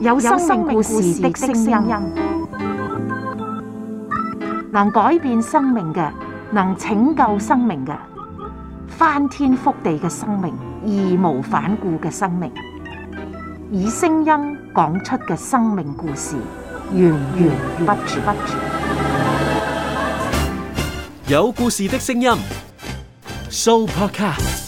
有生命故事的聲音，能改變生命嘅，能拯救生命嘅，翻天覆地嘅生命，義無反顧嘅生命，以聲音講出嘅生命故事，源源不絕。有故事的聲音，Soupercast。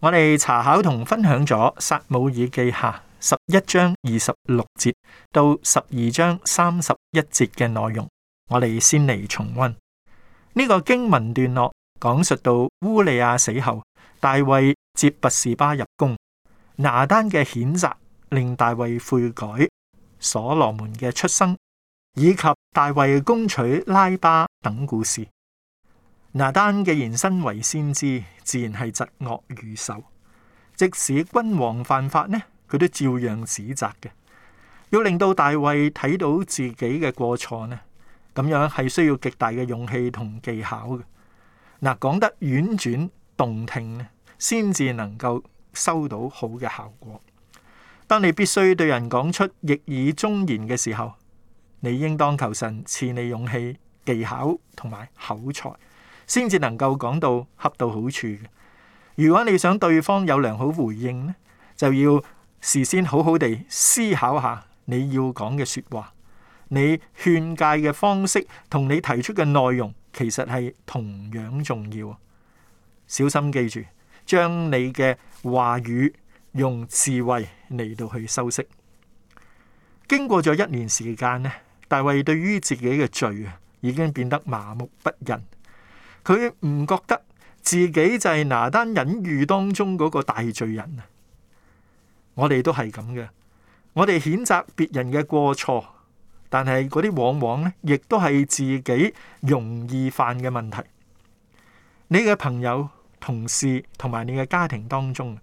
我哋查考同分享咗《撒母耳記下》十一章二十六節到十二章三十一節嘅內容，我哋先嚟重溫呢、這個經文段落，講述到烏利亞死後，大衛接拔士巴入宮，拿單嘅譴責令大衛悔改，所羅門嘅出生以及大衛攻取拉巴等故事。嗱，丹既然身為先知，自然係疾惡如仇。即使君王犯法呢，佢都照樣指責嘅。要令到大衛睇到自己嘅過錯呢，咁樣係需要極大嘅勇氣同技巧嘅。嗱、啊，講得婉轉動聽咧，先至能夠收到好嘅效果。當你必須對人講出逆耳忠言嘅時候，你應當求神賜你勇氣、技巧同埋口才。先至能夠講到恰到好處嘅。如果你想對方有良好回應咧，就要事先好好地思考下你要講嘅說話，你勸誡嘅方式同你提出嘅內容，其實係同樣重要。小心記住，將你嘅話語用智慧嚟到去修飾。經過咗一年時間咧，大衛對於自己嘅罪啊，已經變得麻木不仁。佢唔覺得自己就係拿單隱喻當中嗰個大罪人啊！我哋都係咁嘅，我哋譴責別人嘅過錯，但係嗰啲往往呢，亦都係自己容易犯嘅問題。你嘅朋友、同事同埋你嘅家庭當中，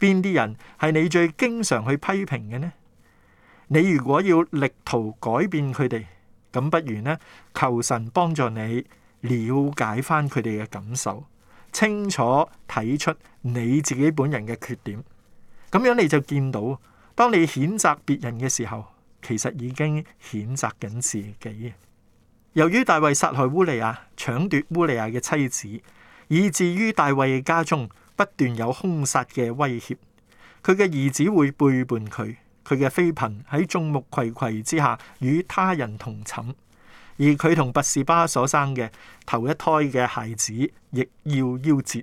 邊啲人係你最經常去批評嘅呢？你如果要力圖改變佢哋，咁不如呢，求神幫助你。了解翻佢哋嘅感受，清楚睇出你自己本人嘅缺點，咁樣你就見到，當你譴責別人嘅時候，其實已經譴責緊自己。由於大衛殺害烏利亞，搶奪烏利亞嘅妻子，以至於大衛嘅家中不斷有凶殺嘅威脅，佢嘅兒子會背叛佢，佢嘅妃嬪喺眾目睽睽之下與他人同寢。而佢同拔士巴所生嘅頭一胎嘅孩子，亦要夭折。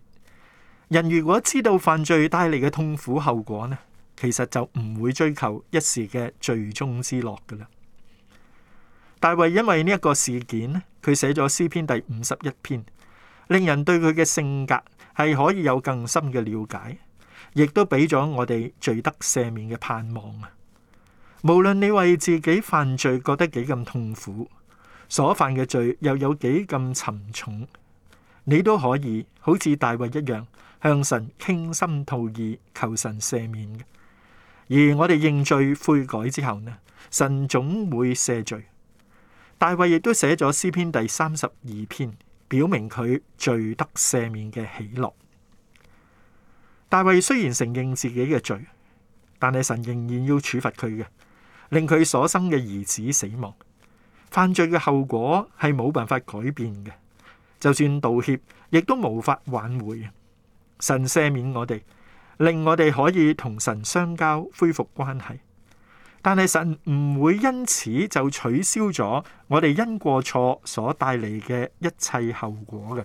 人如果知道犯罪帶嚟嘅痛苦後果呢，其實就唔會追求一時嘅罪中之樂噶啦。大衛因為呢一個事件，佢寫咗詩篇第五十一篇，令人對佢嘅性格係可以有更深嘅了解，亦都俾咗我哋罪得赦免嘅盼望啊。無論你為自己犯罪覺得幾咁痛苦。所犯嘅罪又有幾咁沉重？你都可以好似大衛一樣向神傾心吐意，求神赦免。而我哋認罪悔改之後呢，神總會赦罪。大衛亦都寫咗詩篇第三十二篇，表明佢罪得赦免嘅喜樂。大衛雖然承認自己嘅罪，但係神仍然要處罰佢嘅，令佢所生嘅兒子死亡。犯罪嘅後果係冇辦法改變嘅，就算道歉亦都無法挽回。神赦免我哋，令我哋可以同神相交，恢復關係。但係神唔會因此就取消咗我哋因過錯所帶嚟嘅一切後果嘅。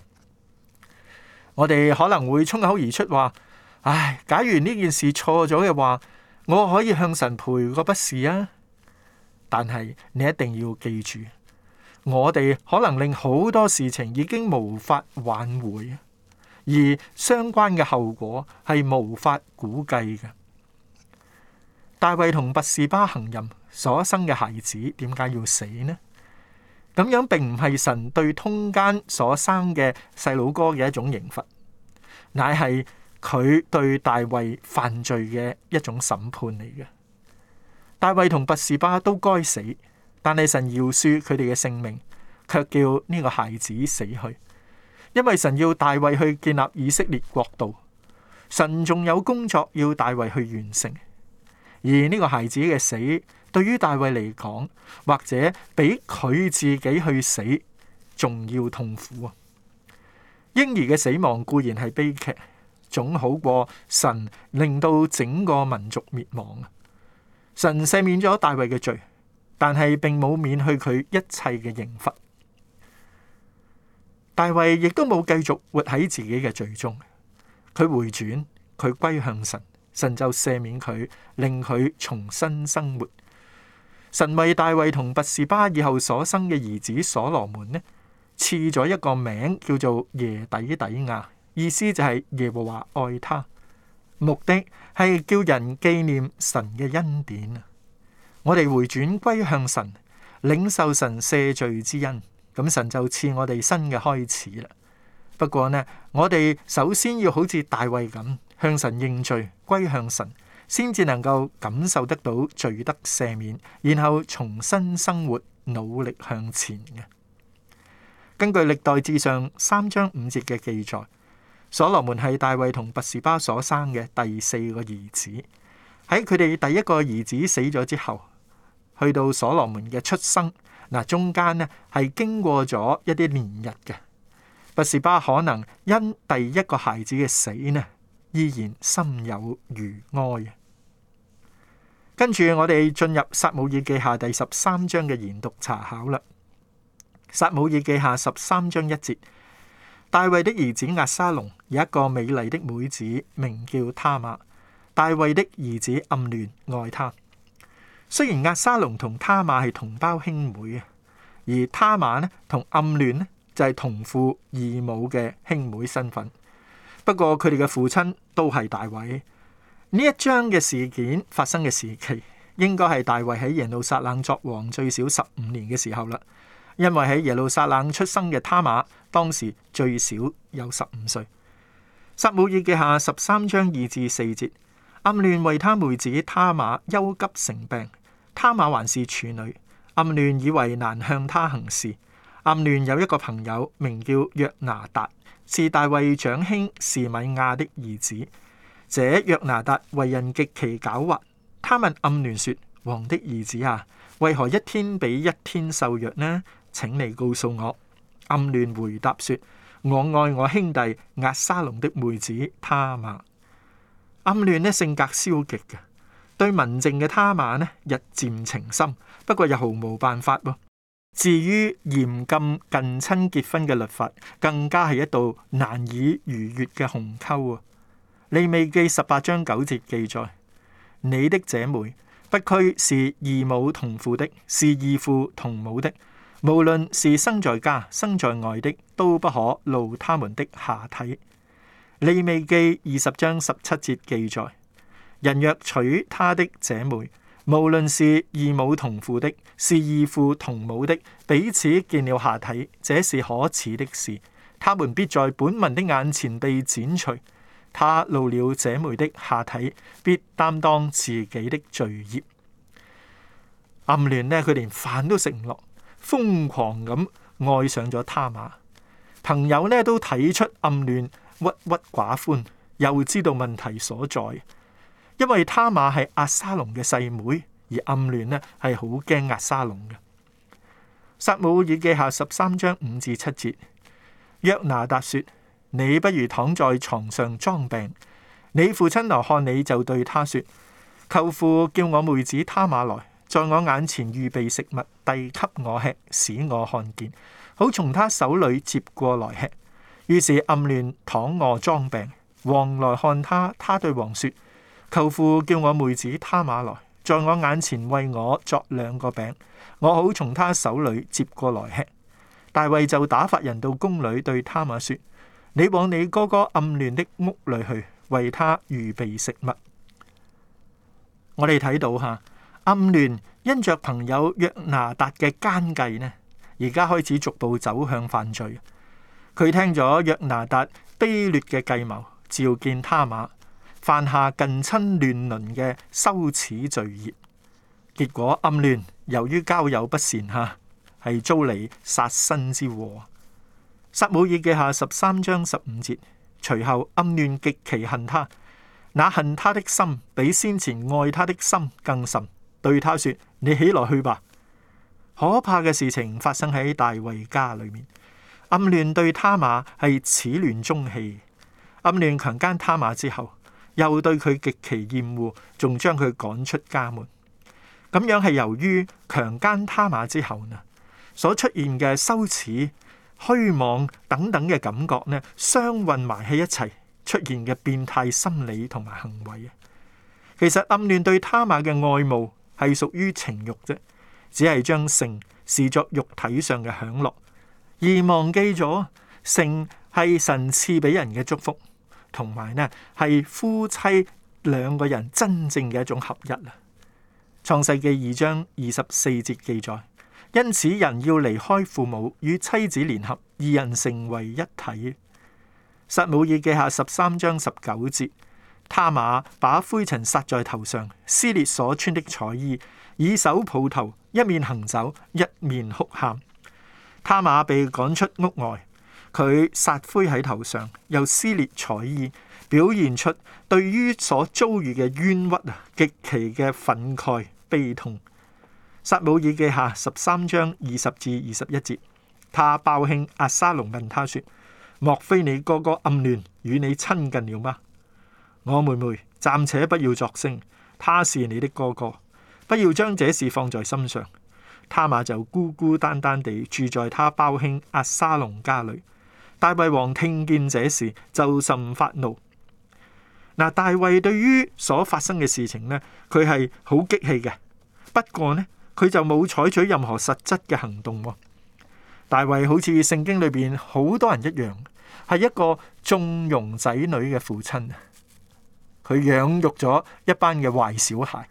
我哋可能會衝口而出話：唉，假如呢件事錯咗嘅話，我可以向神賠個不是啊。但係你一定要記住，我哋可能令好多事情已經無法挽回，而相關嘅後果係無法估計嘅。大衛同拔士巴行淫所生嘅孩子點解要死呢？咁樣並唔係神對通奸所生嘅細佬哥嘅一種刑罰，乃係佢對大衛犯罪嘅一種審判嚟嘅。大衛同拔士巴都該死，但係神饒恕佢哋嘅性命，卻叫呢個孩子死去，因為神要大衛去建立以色列國度，神仲有工作要大衛去完成，而呢個孩子嘅死對於大衛嚟講，或者比佢自己去死仲要痛苦啊！嬰兒嘅死亡固然係悲劇，總好過神令到整個民族滅亡。神赦免咗大衛嘅罪，但係並冇免去佢一切嘅刑罰。大衛亦都冇繼續活喺自己嘅罪中，佢回轉，佢歸向神，神就赦免佢，令佢重新生活。神為大衛同拔士巴以後所生嘅兒子所羅門呢，賜咗一個名叫做耶底底亞，意思就係耶和華愛他。目的係叫人紀念神嘅恩典。我哋回轉歸向神，領受神赦罪之恩，咁神就賜我哋新嘅開始啦。不過呢，我哋首先要好似大衛咁向神認罪，歸向神，先至能夠感受得到罪得赦免，然後重新生活，努力向前嘅。根據歷代志上三章五節嘅記載。所羅門係大衛同拔士巴所生嘅第四個兒子。喺佢哋第一個兒子死咗之後，去到所羅門嘅出生。嗱，中間呢係經過咗一啲年日嘅。拔士巴可能因第一個孩子嘅死呢，依然心有餘哀。跟住我哋進入撒母耳記下第十三章嘅研讀查考啦。撒母耳記下十三章一節。大衛的兒子押沙龍有一個美麗的妹子，名叫他瑪。大衛的兒子暗嫩愛他。雖然押沙龍同他瑪係同胞兄妹啊，而他瑪呢同暗嫩呢就係、是、同父異母嘅兄妹身份。不過佢哋嘅父親都係大衛。呢一章嘅事件發生嘅時期，應該係大衛喺耶路撒冷作王最少十五年嘅時候啦。因為喺耶路撒冷出生嘅他瑪，當時最少有十五歲。撒母耳記下十三章二至四節，暗戀為他妹子他瑪憂急成病。他瑪還是處女，暗戀以為難向他行事。暗戀有一個朋友名叫約拿達，是大衛長兄示米亞的兒子。這約拿達為人極其狡猾。他問暗戀說：王的兒子啊，為何一天比一天瘦弱呢？請你告訴我，暗嫩回答說：我愛我兄弟押沙龍的妹子他瑪。暗嫩呢性格消極嘅，對文靜嘅他瑪呢日漸情深，不過又毫無辦法啊。至於嚴禁近親結婚嘅律法，更加係一道難以逾越嘅鴻溝啊！利未記十八章九節記載，你的姐妹不拘是異母同父的，是異父同母的。無論是生在家、生在外的，都不可露他們的下體。利未記二十章十七節記載：人若娶他的姐妹，無論是義母同父的，是義父同母的，彼此見了下體，這是可恥的事。他們必在本民的眼前被剪除。他露了姐妹的下體，必擔當自己的罪孽。暗戀呢，佢連飯都食唔落。瘋狂咁愛上咗他瑪，朋友呢都睇出暗嫩，郁鬱寡歡，又知道問題所在。因為他瑪係押沙龍嘅細妹，而暗嫩呢係好驚押沙龍嘅。撒母耳記下十三章五至七節，約拿達說：你不如躺在床上裝病，你父親來看你就對他說：舅父叫我妹子他瑪來。在我眼前預備食物，遞給我吃，使我看見，好從他手裏接過來吃。於是暗嫩躺臥裝病，王來看他，他對王說：舅父叫我妹子他瑪來，在我眼前為我作兩個餅，我好從他手裏接過來吃。大衛就打發人到宮裏對他瑪說：你往你哥哥暗嫩的屋裏去，為他預備食物。我哋睇到吓。暗亂因着朋友約拿達嘅奸計呢，而家開始逐步走向犯罪。佢聽咗約拿達卑劣嘅計謀，召見他馬，犯下近親亂倫嘅羞恥罪孽。結果暗亂由於交友不善吓，係遭嚟殺身之禍。撒母耳記下十三章十五節，隨後暗亂極其恨他，那恨他的心比先前愛他的心更甚。對他說：你起來去吧。可怕嘅事情發生喺大衛家裏面，暗嫩對他瑪係始亂終棄，暗嫩強姦他瑪之後，又對佢極其厭惡，仲將佢趕出家門。咁樣係由於強姦他瑪之後呢，所出現嘅羞恥、虛妄等等嘅感覺呢，相混埋喺一齊出現嘅變態心理同埋行為。其實暗嫩對他瑪嘅愛慕係屬於情欲啫，只係將性視作肉體上嘅享樂，而忘記咗性係神賜俾人嘅祝福，同埋呢係夫妻兩個人真正嘅一種合一啊！創世記二章二十四節記載，因此人要離開父母與妻子聯合，二人成為一體。撒母耳記下十三章十九節。他馬把灰塵撒在頭上，撕裂所穿的彩衣，以手抱頭，一面行走，一面哭喊。他馬被趕出屋外，佢撒灰喺頭上，又撕裂彩衣，表現出對於所遭遇嘅冤屈啊，極其嘅憤慨悲痛。撒母耳記下十三章二十至二十一節，他胞兄押沙龍問他說：莫非你哥哥暗嫩與你親近了嗎？我妹妹，暫且不要作聲，他是你的哥哥，不要將這事放在心上。他瑪就孤孤單單地住在他胞兄阿沙隆家裏。大衛王聽見這事就甚發怒。嗱，大衛對於所發生嘅事情呢，佢係好激氣嘅。不過呢，佢就冇採取任何實質嘅行動。大衛好似聖經裏邊好多人一樣，係一個縱容仔女嘅父親。佢養育咗一班嘅壞小孩。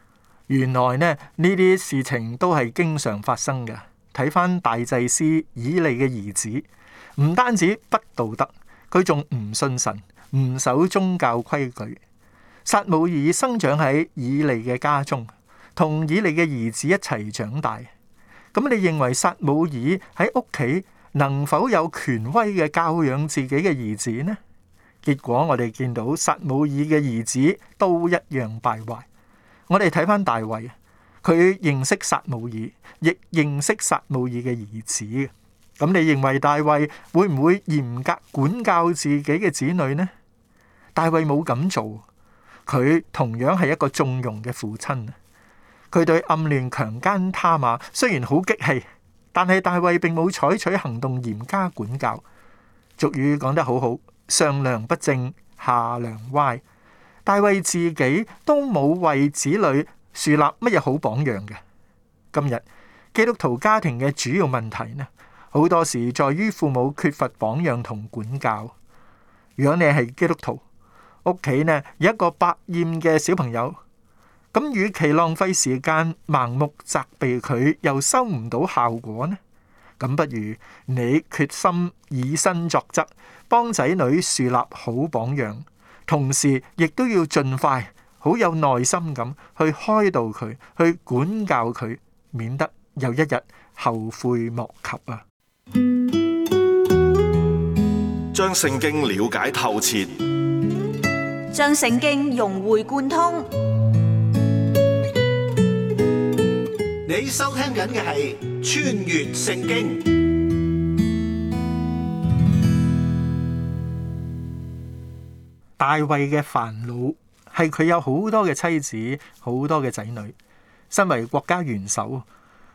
原來呢，呢啲事情都係經常發生嘅。睇翻大祭司以利嘅兒子，唔單止不道德，佢仲唔信神，唔守宗教規矩。撒母耳生長喺以利嘅家中，同以利嘅兒子一齊長大。咁你認為撒母耳喺屋企能否有權威嘅教養自己嘅兒子呢？結果，我哋見到撒母耳嘅兒子都一樣敗壞。我哋睇返大衛，佢認識撒母耳，亦認識撒母耳嘅兒子。咁你認為大衛會唔會嚴格管教自己嘅子女呢？大衛冇噉做，佢同樣係一個縱容嘅父親。佢對暗嫩強姦他瑪雖然好激氣，但係大衛並冇採取行動嚴加管教。俗語講得好好。上梁不正下梁歪，大衛自己都冇為子女樹立乜嘢好榜樣嘅。今日基督徒家庭嘅主要問題呢，好多時在於父母缺乏榜樣同管教。如果你係基督徒，屋企呢有一個百厭嘅小朋友，咁與其浪費時間盲目責備佢，又收唔到效果呢，咁不如你決心以身作則。幫仔女樹立好榜樣，同時亦都要盡快、好有耐心咁去開導佢、去管教佢，免得有一日後悔莫及啊！將聖經了解透徹，將聖經融會貫通。你收聽緊嘅係《穿越聖經》。大衛嘅煩惱係佢有好多嘅妻子、好多嘅仔女。身為國家元首，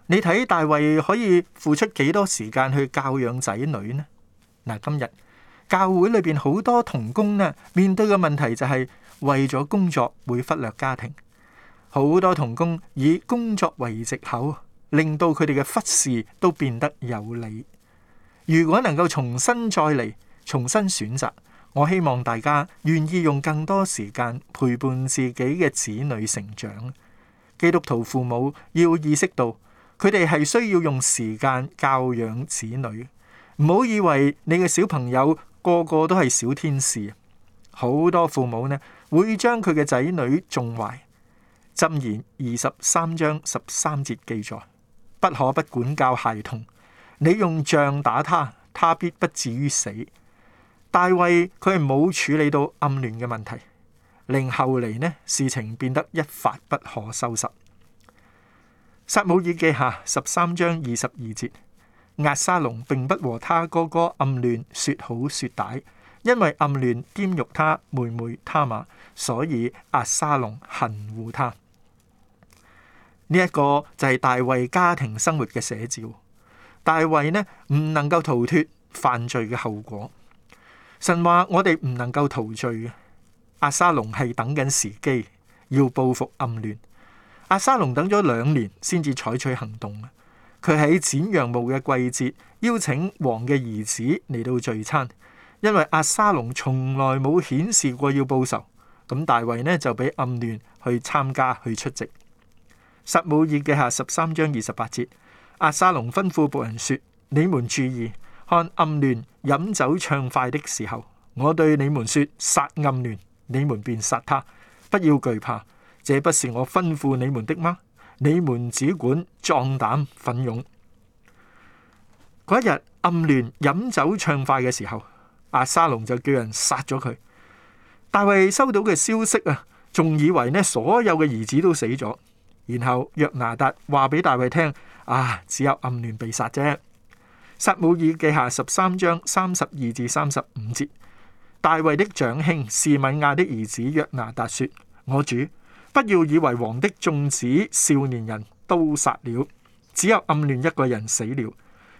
你睇大衛可以付出幾多時間去教養仔女呢？嗱，今日教會裏邊好多同工呢，面對嘅問題就係、是、為咗工作會忽略家庭。好多同工以工作為藉口，令到佢哋嘅忽視都變得有利。如果能夠重新再嚟，重新選擇。我希望大家願意用更多時間陪伴自己嘅子女成長。基督徒父母要意識到，佢哋係需要用時間教養子女。唔好以為你嘅小朋友個個都係小天使，好多父母呢會將佢嘅仔女縱壞。箴言二十三章十三節記載：不可不管教孩童，你用杖打他，他必不至於死。大衛佢係冇處理到暗嫩嘅問題，令後嚟呢事情變得一發不可收拾。撒母耳記下十三章二十二節，押沙龍並不和他哥哥暗嫩說好說歹，因為暗嫩玷辱他妹妹他瑪，所以押沙龍恨惡他。呢、這、一個就係大衛家庭生活嘅寫照。大衛呢唔能夠逃脱犯罪嘅後果。神話我哋唔能夠陶醉嘅，阿沙龍係等緊時機要報復暗亂。阿沙龍等咗兩年先至採取行動。佢喺剪羊毛嘅季節邀請王嘅兒子嚟到聚餐，因為阿沙龍從來冇顯示過要報仇。咁大衛呢就俾暗亂去參加去出席。撒母耳記下十三章二十八節，阿沙龍吩咐僕人說：你們注意。看暗嫩飲酒暢快的時候，我對你們說：殺暗嫩，你們便殺他，不要懼怕。這不是我吩咐你們的嗎？你們只管壯膽奮勇。嗰一日暗嫩飲酒暢快嘅時候，阿沙龍就叫人殺咗佢。大衛收到嘅消息啊，仲以為呢所有嘅兒子都死咗，然後約拿達話俾大衛聽：啊，只有暗嫩被殺啫。撒母耳記下十三章三十二至三十五節，大衛的長兄示米亞的兒子約拿達說：我主不要以為王的眾子少年人都殺了，只有暗嫩一個人死了。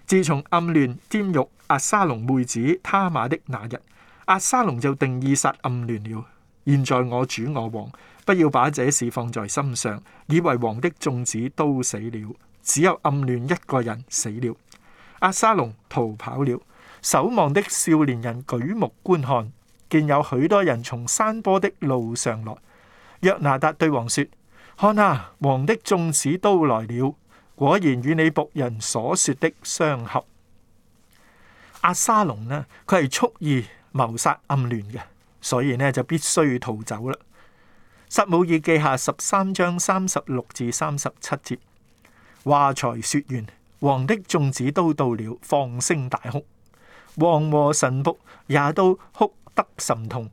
自從暗嫩玷辱押沙龍妹子他馬的那日，押沙龍就定意殺暗嫩了。現在我主我王不要把這事放在心上，以為王的眾子都死了，只有暗嫩一個人死了。阿沙龍逃跑了，守望的少年人舉目觀看，見有許多人從山坡的路上來。約拿達對王說：看啊，王的眾子都來了，果然與你僕人所說的相合。阿沙龍呢，佢係蓄意謀殺暗嫩嘅，所以呢就必須逃走啦。撒母耳記下十三章三十六至三十七節，話才說完。王的眾子都到了，放聲大哭，王和臣僕也都哭得甚痛。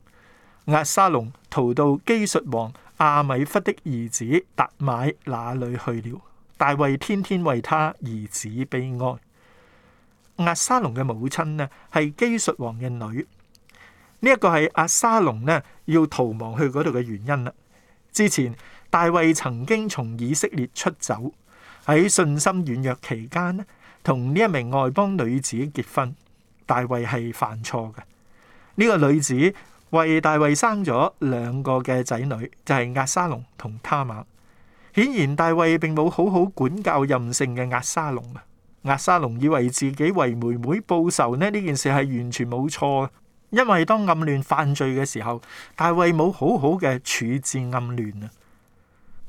阿沙龍逃到基述王阿米弗的兒子達買那裏去了。大衛天天為他兒子悲哀。阿沙龍嘅母親呢係基述王嘅女，呢、這、一個係阿沙龍呢要逃亡去嗰度嘅原因啦。之前大衛曾經從以色列出走。喺信心軟弱期間咧，同呢一名外邦女子結婚，大衛係犯錯嘅。呢、這個女子為大衛生咗兩個嘅仔女，就係、是、押沙龍同他瑪。顯然大衛並冇好好管教任性嘅押沙龍啊！押沙龍以為自己為妹妹報仇呢？呢件事係完全冇錯，因為當暗嫩犯罪嘅時候，大衛冇好好嘅處置暗嫩啊！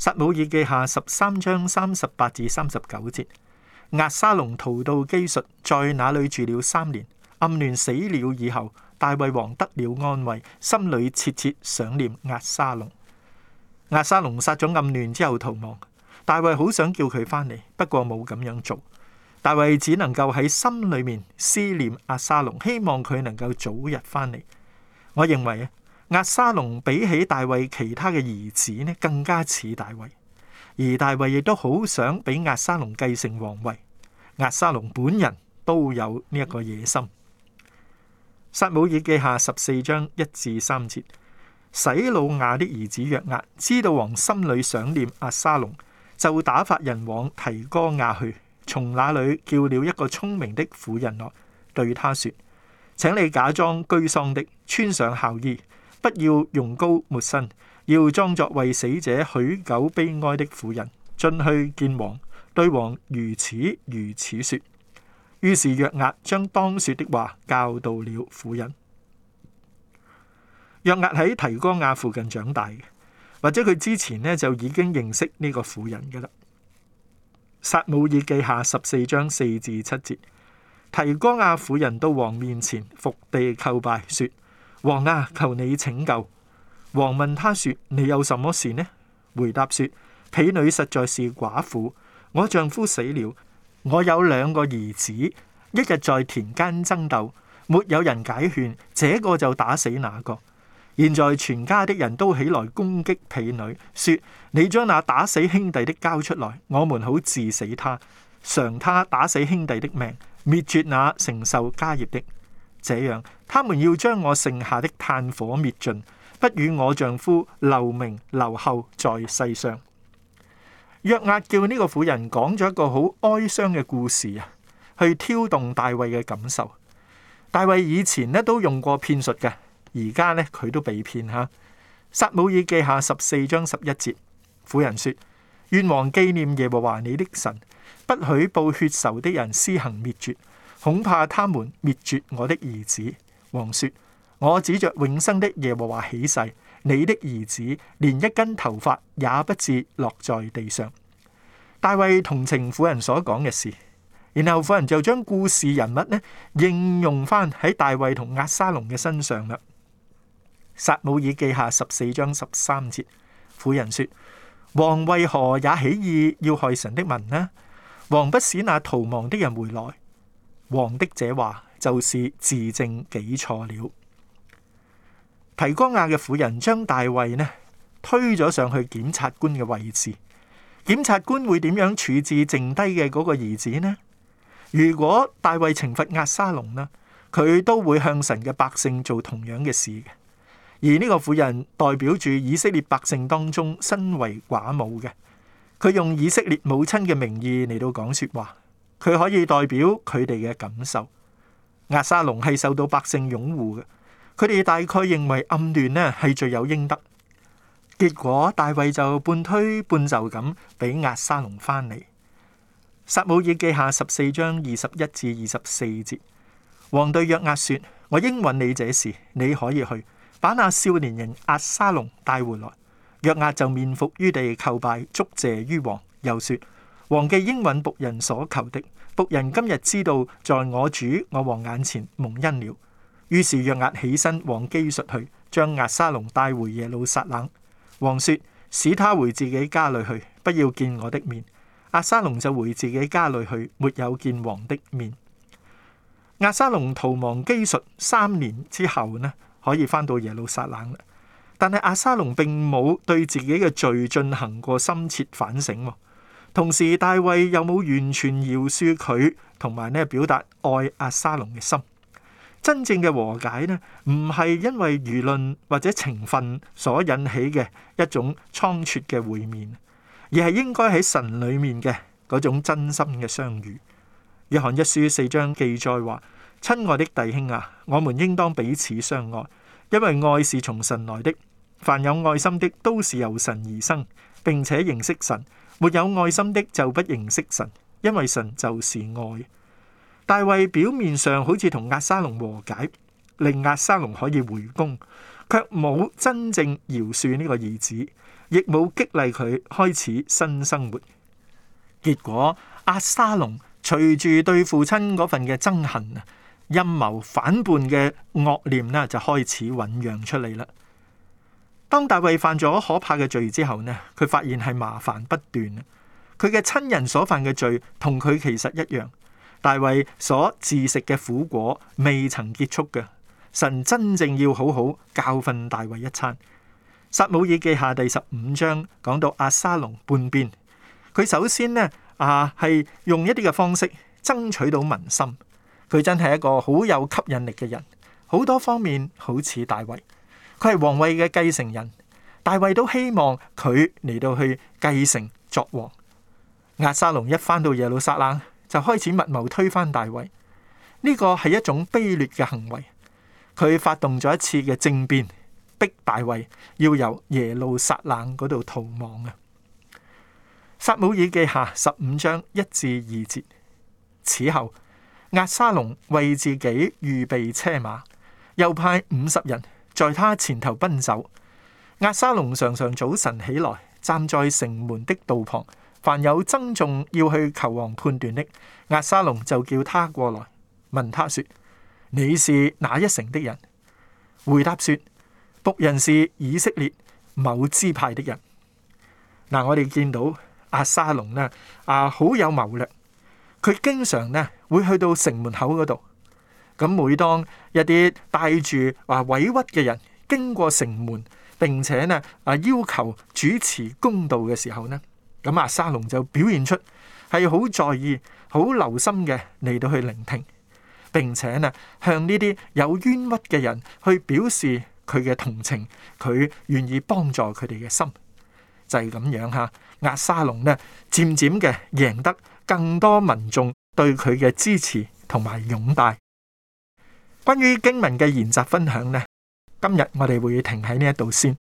撒母耳記下十三章三十八至三十九節，押沙龍逃到基述，在那裏住了三年。暗戀死了以後，大衛王得了安慰，心裏切切想念押沙龍。押沙龍殺咗暗戀之後逃亡，大衛好想叫佢翻嚟，不過冇咁樣做。大衛只能夠喺心裏面思念押沙龍，希望佢能夠早日翻嚟。我認為押沙龍比起大衛其他嘅兒子呢，更加似大衛。而大衛亦都好想俾押沙龍繼承皇位。押沙龍本人都有呢一個野心。撒母耳記下十四章一至三節，洗魯雅的兒子約押知道王心裏想念押沙龍，就打發人往提哥亞去，從那裏叫了一個聰明的婦人來，對他說：請你假裝居喪的，穿上孝衣。不要用膏抹身，要裝作為死者許久悲哀的婦人進去見王，對王如此如此說。於是約押將當說的話教導了婦人。約押喺提哥亞附近長大嘅，或者佢之前呢就已經認識呢個婦人㗎喇。撒母耳記下十四章四至七節，提哥亞婦人到王面前伏地叩拜，說。王啊，求你拯救！王問他說：你有什麼事呢？回答說：婢女實在是寡婦，我丈夫死了，我有兩個兒子，一日在田間爭鬥，沒有人解勸，這個就打死那個。現在全家的人都起來攻擊婢女，說：你將那打死兄弟的交出來，我們好治死他，償他打死兄弟的命，滅絕那承受家業的。這樣，他們要將我剩下的炭火滅盡，不與我丈夫留名留後在世上。約押叫呢個婦人講咗一個好哀傷嘅故事啊，去挑動大衛嘅感受。大衛以前呢都用過騙術嘅，而家呢佢都被騙吓。撒母耳記下十四章十一節，婦人說：願王紀念耶和華你的神，不許報血仇的人施行滅絕。恐怕他們滅絕我的兒子，王說。我指着永生的耶和華起誓，你的兒子連一根頭髮也不至落在地上。大衛同情婦人所講嘅事，然後婦人就將故事人物呢應用翻喺大衛同押沙龍嘅身上啦。撒母耳記下十四章十三節，婦人說：王為何也起意要害神的民呢？王不使那逃亡的人回來。王的者話就是自證己錯了。提哥亞嘅婦人將大衛呢推咗上去檢察官嘅位置，檢察官會點樣處置剩低嘅嗰個兒子呢？如果大衛懲罰押沙龍呢，佢都會向神嘅百姓做同樣嘅事嘅。而呢個婦人代表住以色列百姓當中身為寡母嘅，佢用以色列母親嘅名義嚟到講說話。佢可以代表佢哋嘅感受。押沙龍係受到百姓擁護嘅，佢哋大概認為暗亂呢係罪有應得。結果大衛就半推半就咁俾押沙龍翻嚟。撒母耳記下十四章二十一至二十四節，王對約押說：我應允你這事，你可以去把那少年人押沙龍帶回來。約押就面伏於地叩拜，祝謝於王，又說。王既應允僕人所求的，僕人今日知道在我主我王眼前蒙恩了。於是約押起身往基述去，將押沙龍帶回耶路撒冷。王說：使他回自己家裏去，不要見我的面。押沙龍就回自己家裏去，沒有見王的面。押沙龍逃亡基述三年之後呢，可以返到耶路撒冷了。但係押沙龍並冇對自己嘅罪進行過深切反省。同時，大衛有冇完全饒恕佢，同埋咧表達愛阿沙龍嘅心？真正嘅和解呢，唔係因為輿論或者情分所引起嘅一種倉促嘅會面，而係應該喺神裡面嘅嗰種真心嘅相遇。《約翰一書》四章記載話：親愛的弟兄啊，我們應當彼此相愛，因為愛是從神來的。凡有愛心的，都是由神而生並且認識神。沒有愛心的就不認識神，因為神就是愛。大衛表面上好似同押沙龍和解，令押沙龍可以回宮，卻冇真正饒恕呢個兒子，亦冇激勵佢開始新生活。結果，押沙龍隨住對父親嗰份嘅憎恨，陰謀反叛嘅惡念呢就開始醞釀出嚟啦。當大衛犯咗可怕嘅罪之後呢，佢發現係麻煩不斷。佢嘅親人所犯嘅罪同佢其實一樣。大衛所自食嘅苦果未曾結束嘅。神真正要好好教訓大衛一餐。撒母耳記下第十五章講到押沙龍叛變，佢首先呢啊係用一啲嘅方式爭取到民心。佢真係一個好有吸引力嘅人，好多方面好似大衛。佢係王位嘅繼承人，大衛都希望佢嚟到去繼承作王。押沙龍一返到耶路撒冷就開始密謀推翻大衛，呢個係一種卑劣嘅行為。佢發動咗一次嘅政變，逼大衛要由耶路撒冷嗰度逃亡啊。撒母耳記下十五章一至二節：此後押沙龍為自己預備車馬，又派五十人。在他前頭奔走，押沙龍常常早晨起來，站在城門的道旁。凡有爭訟要去求王判斷的，押沙龍就叫他過來，問他說：你是哪一城的人？回答說：僕人是以色列某支派的人。嗱，啊，我哋見到押沙龍呢，啊，好有謀略，佢經常呢會去到城門口嗰度。咁，每當一啲帶住話委屈嘅人經過城門，並且呢啊要求主持公道嘅時候呢，咁阿沙龍就表現出係好在意、好留心嘅嚟到去聆聽，並且呢向呢啲有冤屈嘅人去表示佢嘅同情，佢願意幫助佢哋嘅心，就係咁樣嚇。阿沙龍呢，漸漸嘅贏得更多民眾對佢嘅支持同埋擁戴。關於經文嘅研習分享呢，今日我哋會停喺呢一度先。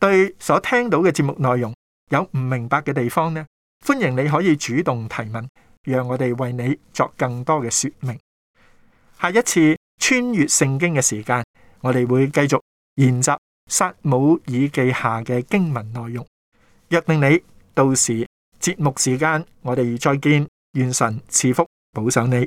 對所聽到嘅節目內容有唔明白嘅地方呢，歡迎你可以主動提問，讓我哋為你作更多嘅說明。下一次穿越聖經嘅時間，我哋會繼續研習撒母耳記下嘅經文內容。約定你到時節目時間，我哋再見。願神賜福保上你。